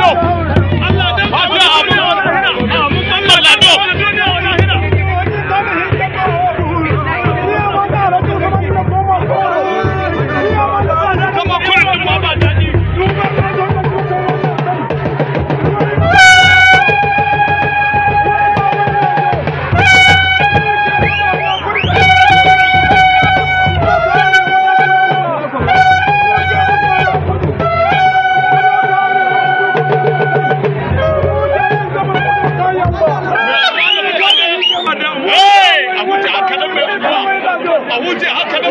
Ado.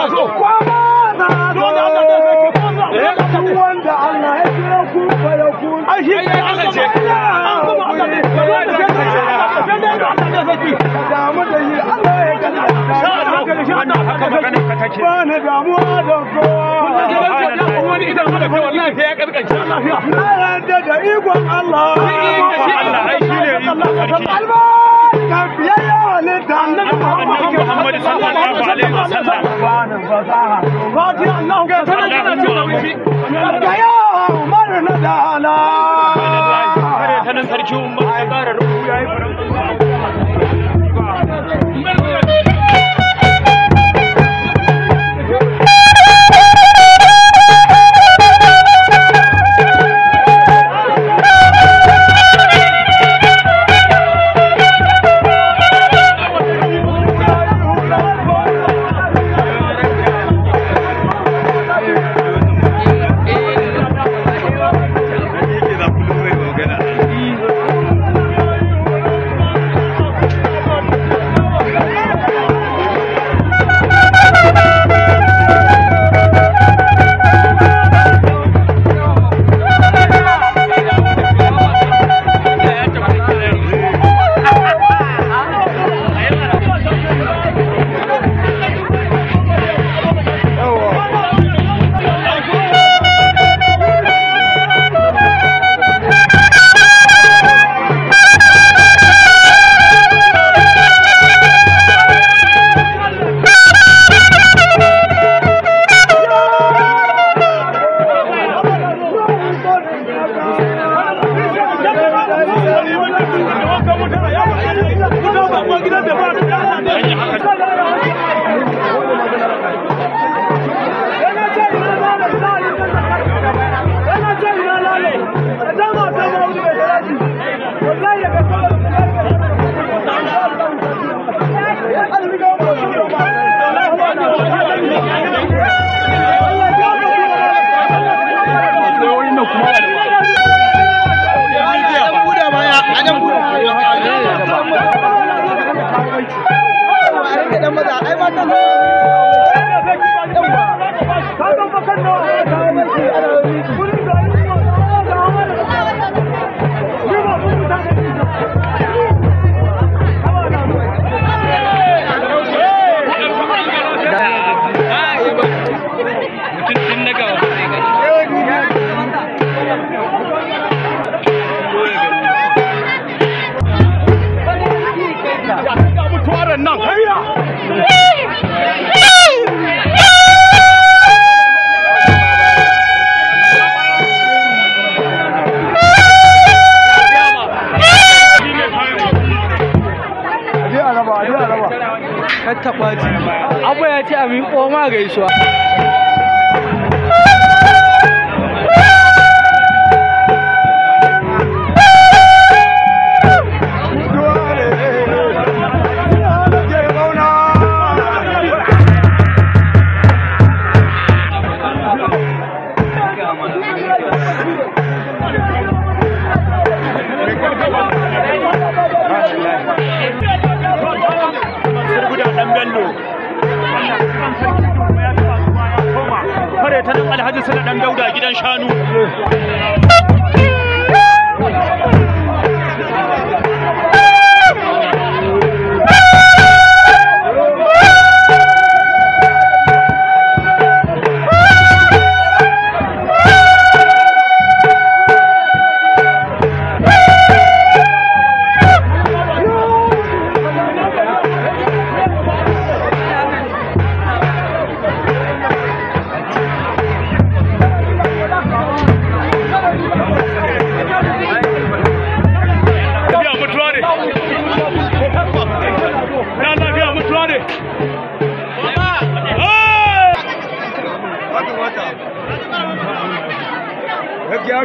taso wanda Allah ya kira ku fa ya ku ai shi kai Allah ce an kuma Allah ne ka damu da yi Allah ya kana ba na damuwa da kowa wani idan mara kai wallahi sai ya karkace lafiya na yarda da ikon Allah Allah ai shi ne ikon sarki ka biyayya ne da Annabi Muhammad sallallahu alaihi wasallam zamanin fasaha fati Allah ka sanar da cin abinci ga yawa na da ala ya ai mata ta ɓaci abba ya ce a miƙo ma gaisuwa sarki kuma ya kafa suma ya koma kareta ta nan alhaji sanadan dauda gidan shanu